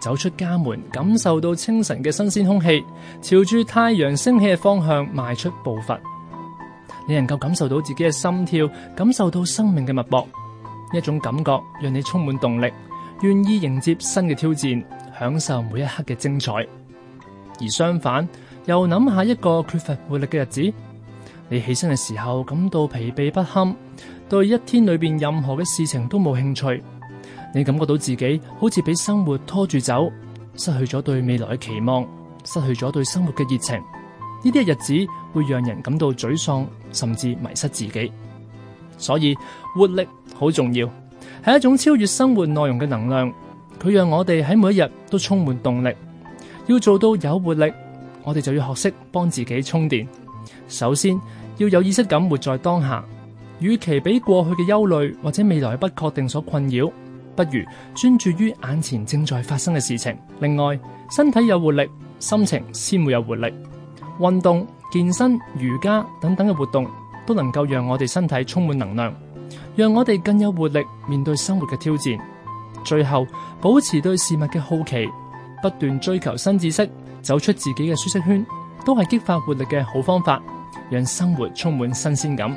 走出家門，感受到清晨嘅新鮮空氣，朝住太陽升起嘅方向邁出步伐，你能夠感受到自己嘅心跳，感受到生命嘅脈搏，一種感覺讓你充滿動力，願意迎接新嘅挑戰，享受每一刻嘅精彩。而相反，又諗下一個缺乏活力嘅日子，你起身嘅時候感到疲憊不堪，對一天裏面任何嘅事情都冇興趣。你感覺到自己好似被生活拖住走，失去咗對未來嘅期望，失去咗對生活嘅熱情。呢啲日子會讓人感到沮喪，甚至迷失自己。所以活力好重要，係一種超越生活內容嘅能量。佢讓我哋喺每一日都充滿動力。要做到有活力，我哋就要學識幫自己充電。首先要有意識感活在當下，與其俾過去嘅憂慮或者未來不確定所困擾。不如專注於眼前正在發生嘅事情。另外，身體有活力，心情先會有活力。運動、健身、瑜伽等等嘅活動都能夠讓我哋身體充滿能量，讓我哋更有活力面對生活嘅挑戰。最後，保持對事物嘅好奇，不斷追求新知識，走出自己嘅舒適圈，都係激發活力嘅好方法，讓生活充滿新鮮感。